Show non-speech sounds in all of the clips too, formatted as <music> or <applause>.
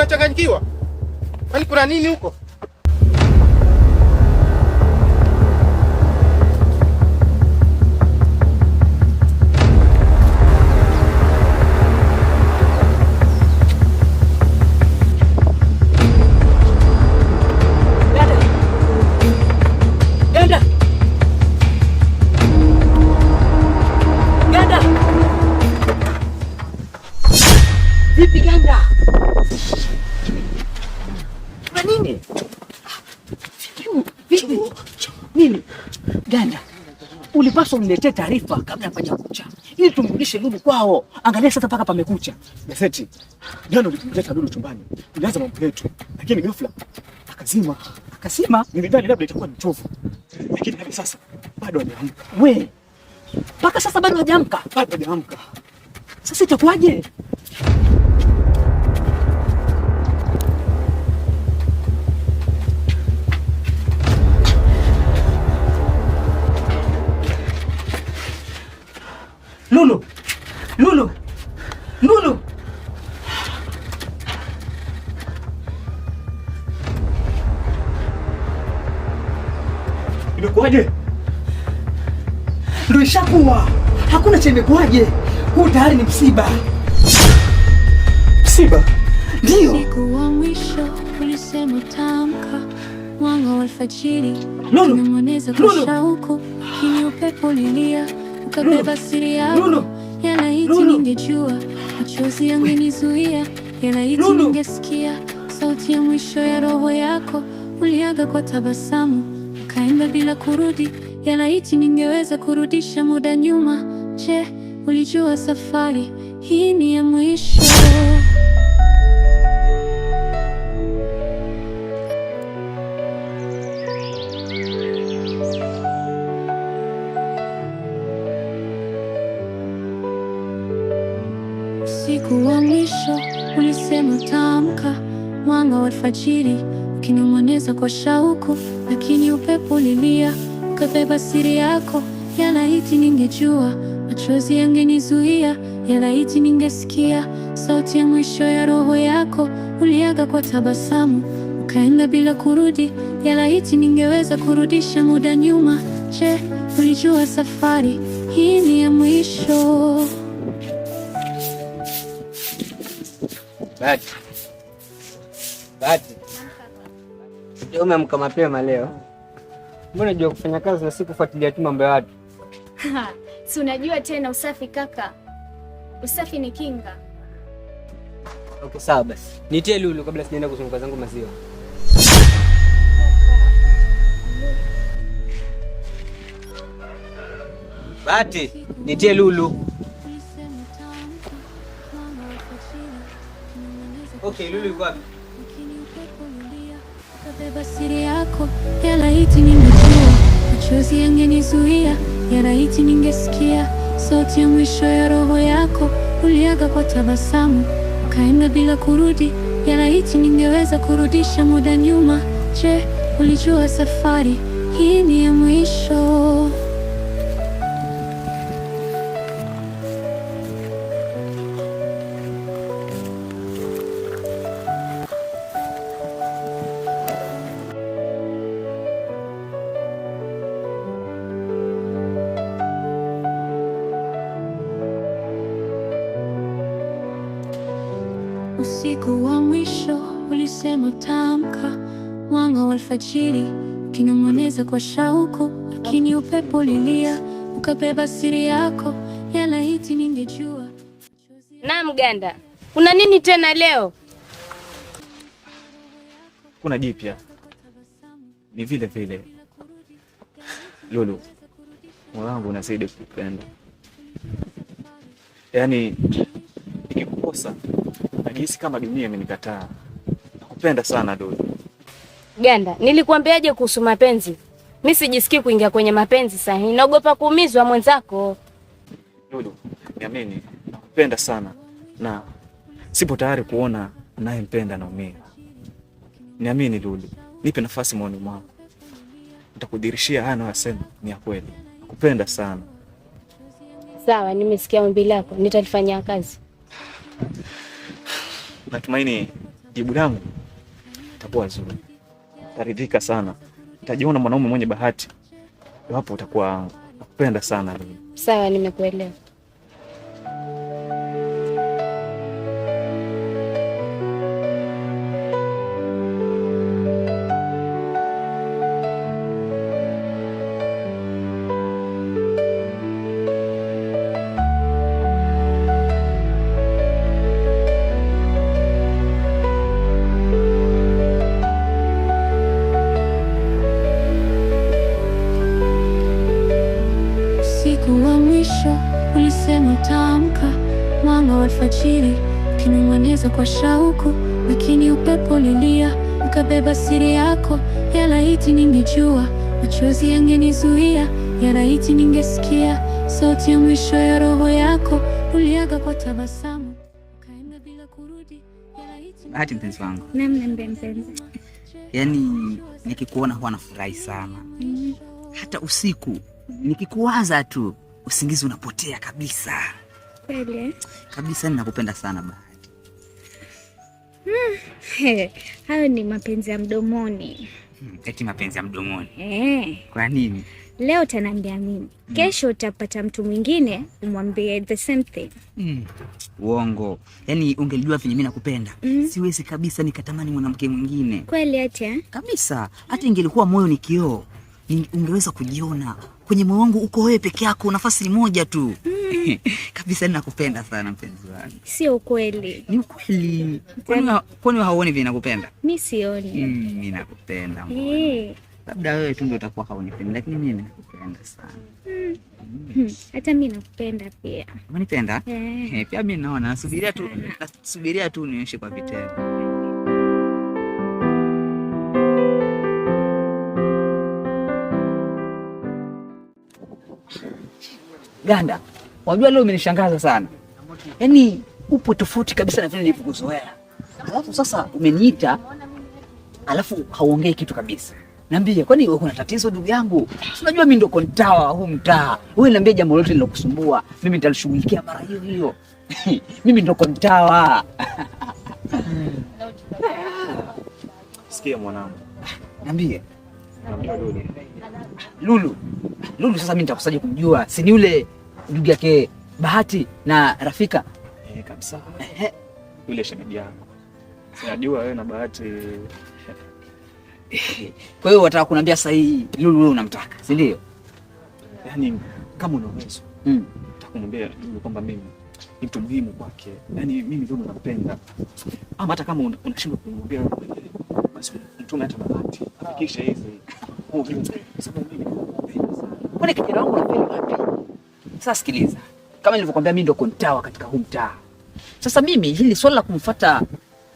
unachanganyikiwa? Kwani kuna nini huko? mletee taarifa kabla hapaja kucha, ili tumrudishe Lulu kwao. Angalia sasa, mpaka pamekucha. Gazeti jana likumleta Lulu chumbani, tulianza mambo yetu, lakini ghafla akazima akazima. nilidhani labda itakuwa ni chovu, lakini hadi sasa bado hajaamka. We mpaka sasa bado hajaamka, bado hajaamka. Sasa itakuwaje? Lulu, Lulu, Lulu. Imekuwaje? Ndio ishakuwa, hakuna cha imekuwaje. Huu tayari ni msiba. Msiba ndio siku wa mwisho ulisema tamka mwanga wa alfajiri, Lulu, Lulu, pepo lilia ukabeba siri yako, yalaiti ningejua, machozi yangenizuia, hiti ningesikia sauti ya mwisho ya roho yako. Uliaga kwa tabasamu, ukaenda bila kurudi, hiti ningeweza kurudisha muda nyuma. Je, ulijua safari hii ni ya mwisho? Usiku wa mwisho ulisema utaamka, mwanga wa alfajiri ukining'oneza kwa shauku, lakini upepo ulilia ukabeba siri yako. Yalaiti ningejua, machozi yangenizuia. Yalaiti ningesikia sauti ya mwisho ya roho yako. Uliaga kwa tabasamu, ukaenda bila kurudi. Yalaiti ningeweza kurudisha muda nyuma. Je, ulijua safari hii ni ya mwisho? Bahati, Bahati, ndio umeamka mapema leo? Mbona unajua kufanya kazi na si kufuatilia tu mambo ya watu? <laughs> Si unajua tena usafi kaka, usafi ni kinga. Okay, sawa basi, nitie lulu kabla sijaenda kuzunguka zangu maziwa. Bahati, nitie lulu. Okay, Lulu yuko wapi? Kabeba siri yako, yalaiti ningejua, machozi yangenizuia, yalaiti ningesikia, sauti ya mwisho ya roho yako, uliaga kwa tabasamu, ukaenda bila kurudi, yalaiti ningeweza kurudisha muda nyuma. Je, ulijua safari hii ni ya mwisho? Usiku wa mwisho ulisema tamka, mwanga wa alfajiri ukinong'oneza kwa shauku, lakini upepo ulilia ukabeba siri yako. Laiti ningejua. Na mganda, kuna nini tena leo? Kuna jipya, ni vile vile. Lulu, moyo wangu unazidi kupenda, yaani nikikukosa Najihisi kama dunia imenikataa. Nakupenda sana Dodi. Ganda, nilikuambiaje kuhusu mapenzi? Mi sijisikii kuingia kwenye mapenzi sasa. Naogopa kuumizwa mwenzako. Dodi, niamini, nakupenda sana na sipo tayari kuona nayempenda naumia. Niamini Lulu, nipe nafasi moyoni mwangu, nitakudirishia haya nayoyasema ni ya kweli. Nakupenda sana. Sawa, nimesikia ombi lako, nitalifanyia kazi. Natumaini jibu langu itakuwa zuri, taridhika sana, nitajiona mwanaume mwenye bahati iwapo utakuwa nakupenda sana. Sawa, nimekuelewa. ulisikiliza kwa shauku, lakini upepo lilia, ukabeba siri yako. Ya laiti ningejua, machozi yangenizuia, laiti ningesikia sauti ya mwisho ya roho yako. Uliaga kwa tabasamu, ukaenda bila kurudi. Bahati mpenzi wangu, yaani nikikuona huwa nafurahi sana mm. Hata usiku nikikuwaza tu usingizi unapotea kabisa. Kweli eh? kabisa, ninakupenda sana bana. Mm. <laughs> hayo ni mapenzi ya mdomoni. Hmm, eti mapenzi ya mdomoni eh? Kwa nini leo utaniambia mimi hmm. Kesho utapata mtu mwingine umwambie the same thing hmm, Uongo, yaani ungelijua vile mimi nakupenda hmm. Siwezi kabisa nikatamani mwanamke mwingine. Kweli hata eh? kabisa hata Ingelikuwa moyo ni kioo, ungeweza kujiona kwenye moyo wangu. Uko wewe peke yako, nafasi ni moja tu <laughs> kabisa nakupenda sana mpenzi wangu. Sio ukweli? Ni ukweli. Kwani hauoni vile nakupenda? Mi sioni. Mm, mi nakupenda, eh. labda wewe tu ndio utakuwa haunipendi, lakini mimi nakupenda sana. Hmm. Hmm. Hata mimi nakupenda pia. Unanipenda? Eh. eh, pia mimi naona. Nasubiria tu, nasubiria tu nionyeshe kwa vitendo. Ganda Wajua leo umenishangaza sana, yaani upo tofauti kabisa na vile nilivyokuzoea. Alafu sasa umeniita, alafu hauongei kitu kabisa. Niambie, kwani wewe kuna tatizo ndugu yangu? Unajua mimi ndo kontawa huu mtaa. Wewe niambie jambo lolote lilokusumbua, mimi nitalishughulikia mara hiyo hiyo. <laughs> Mimi ndo kontawa. Sikia mwanangu. Niambie. Lulu. Lulu sasa mimi nitakusaje kumjua? Si ni yule ndugu yake Bahati na Rafika. Eh, kabisa. Yule shemeji yangu. Sinajua wewe na Bahati. Kwa hiyo wataka kuniambia sasa hii Lulu wewe unamtaka, si ndio? Yaani kama una uwezo. Mm. Nitakumwambia Lulu kwamba mimi ni mtu muhimu kwake. Yaani mimi Lulu nampenda. Ama hata kama unashindwa kumwambia basi mtume hata Bahati. Hakikisha hizi. <laughs> Kwa nini kijana wangu anapenda wapi? Sasa sikiliza, kama nilivyokuambia, mimi ndo kontawa katika huu mtaa. Sasa mimi hili swala la kumfuata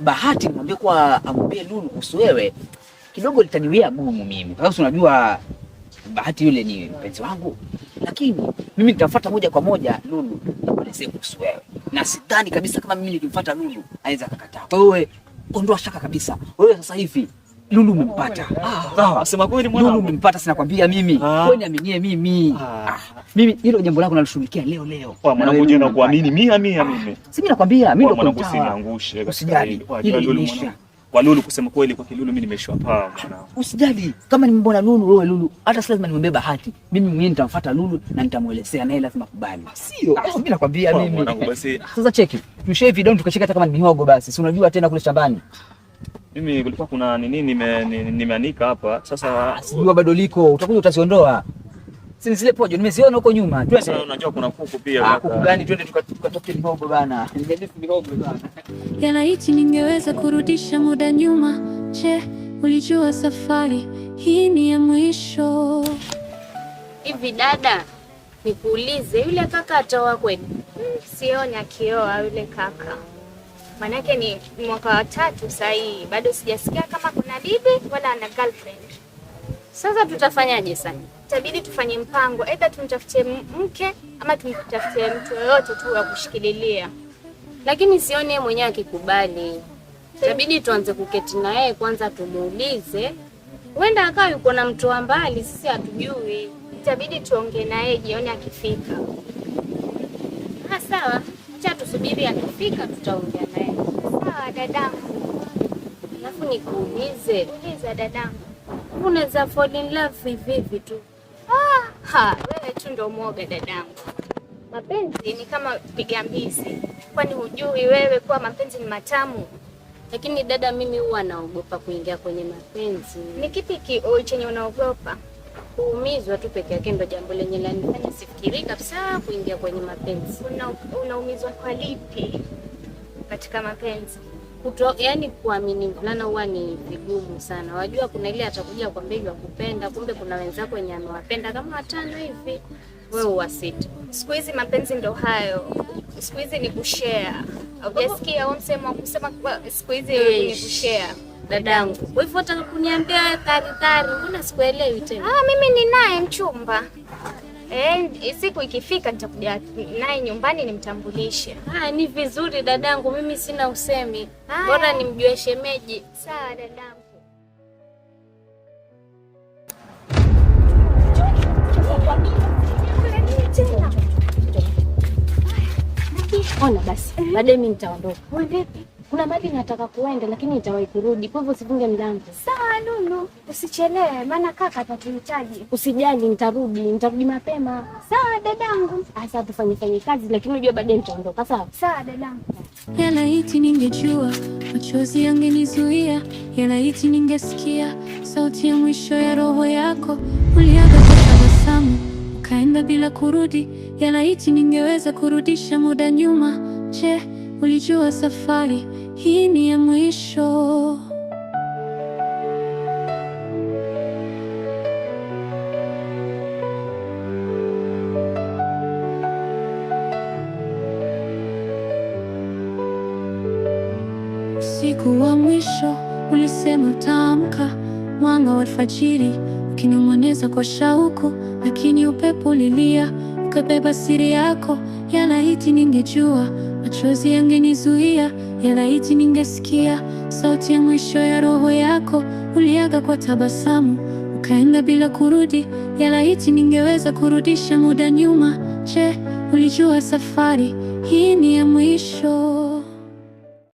Bahati nimwambie kuwa amwambie Lulu kuhusu wewe kidogo litaniwia gumu mimi, kwa sababu unajua Bahati yule ni mpenzi wangu, lakini mimi nitafuata moja kwa moja Lulu nimwelezee kuhusu wewe, na sidhani kabisa kama mimi nikimfuata Lulu aweza akakataa. Kwa hiyo ondoa shaka kabisa, wewe sasa hivi Lulu umempata. Ah, Sema kweli mwana. Lulu umempata sinakwambia kwambia mimi. Ah. Wewe aminie mimi. Ah. ah. Mimi hilo jambo lako nalishughulikia leo leo. Kwa mwanangu je na kuamini mimi mia mimi. Ah, si mimi nakwambia mimi ndio mwanangu siniangushe. Usijali. Ile ilisha. Kwa Lulu kusema kweli kwa Kilulu mimi nimeshwa paa mwanangu. Usijali. Kama nimemwona Lulu wewe Lulu hata si lazima nimebeba hati. Mimi mwenyewe nitamfuata Lulu na nitamuelezea naye lazima kubali. Sio. Mimi nakwambia mimi. Mwanangu basi. Sasa cheki. Tushave down tukacheka hata kama ni mihogo basi. Si unajua tena kule shambani. Mimi kulikuwa kuna nini nimeanika hapa. Sasa ah, sijua bado liko, utakuja utaziondoa. Si zile pojo nimeziona huko nyuma. Sasa unajua kuna kuku pia. Ah, kuku gani? Twende tukatoke mihogo bana. Yana hichi ningeweza kurudisha muda nyuma. Je, ulijua safari hii ni ya mwisho? Hivi dada, nikuulize yule kaka ataoa kweli? Sioni akioa yule kaka. Maanake ni mwaka wa tatu saa bado sijasikia kama kuna bibi wala ana girlfriend. Sasa tutafanyaje sasa? Itabidi tufanye mpango, aidha tumtafutie mke ama tumtafutie mtu yoyote tu wa kushikililia. Lakini sioni yeye mwenyewe akikubali. Itabidi tuanze kuketi na yeye kwanza, tumuulize. Huenda akawa yuko na mtu wa mbali, sisi hatujui. Itabidi tuongee na yeye jioni akifika. Ha, ah, sawa. Acha tusubiri akifika, tutaongea naye dadangu, alafu nikuulize, uliza dadangu, unaweza fall in love vivi tu? Ah, wewe tu ndo mwoga dadangu. Mapenzi ni kama piga mbizi, kwani hujui wewe kuwa mapenzi ni matamu? Lakini dada, mimi huwa naogopa kuingia kwenye mapenzi. Ni kipi kio chenye unaogopa? Kuumizwa tu peke yake ndo jambo lenye lanifanya sifikiri kabisa kuingia kwenye mapenzi. Una, kwa lipi katika mapenzi? kuto, yani kuamini mvulana huwa ni vigumu sana. Wajua kuna ile atakuja kwambia ya kupenda, kumbe kuna wenzako wenye amewapenda kama watano hivi, wewe wa sita. Siku hizi mapenzi ndo hayo, siku hizi ni kushare. Hujasikia au msemo kusema siku hizi ni kushare dadangu. Kwa hivyo utakuniambia tari tari, una sikuelewi tena. Ah, mimi ni naye mchumba Eh, siku ikifika nitakuja naye nyumbani nimtambulishe. Ah, ni vizuri dadangu, mimi sina usemi. Bora nimjue shemeji. Sawa dadangu. Ona basi, baadaye mimi nitaondoka kuna mali nataka kuenda lakini nitawahi kurudi, kwa hivyo usifunge mlango. Sawa Lulu, usichelewe maana kaka atatuhitaji. Usijali, nitarudi, nitarudi mapema. Sawa dadangu. Sasa tufanye fanye kazi, lakini unajua baadaye nitaondoka. Sawa sawa dadangu. Yalaiti ningejua machozi yangenizuia, yalaiti ningesikia sauti ya mwisho ya roho yako. Uliaga kwa tabasamu ukaenda bila kurudi, yalaiti ningeweza kurudisha muda nyuma. Je, Ulijua safari hii ni ya mwisho. Usiku wa mwisho ulisema utaamka, mwanga wa alfajiri ukining'oneza kwa shauku, lakini upepo ulilia ukabeba siri yako. Yalaiti ningejua machozi yangenizuia, yalaiti ningesikia sauti ya mwisho ya roho yako. Uliaga kwa tabasamu, ukaenda bila kurudi, yalaiti ningeweza kurudisha muda nyuma. Je, ulijua safari hii ni ya mwisho?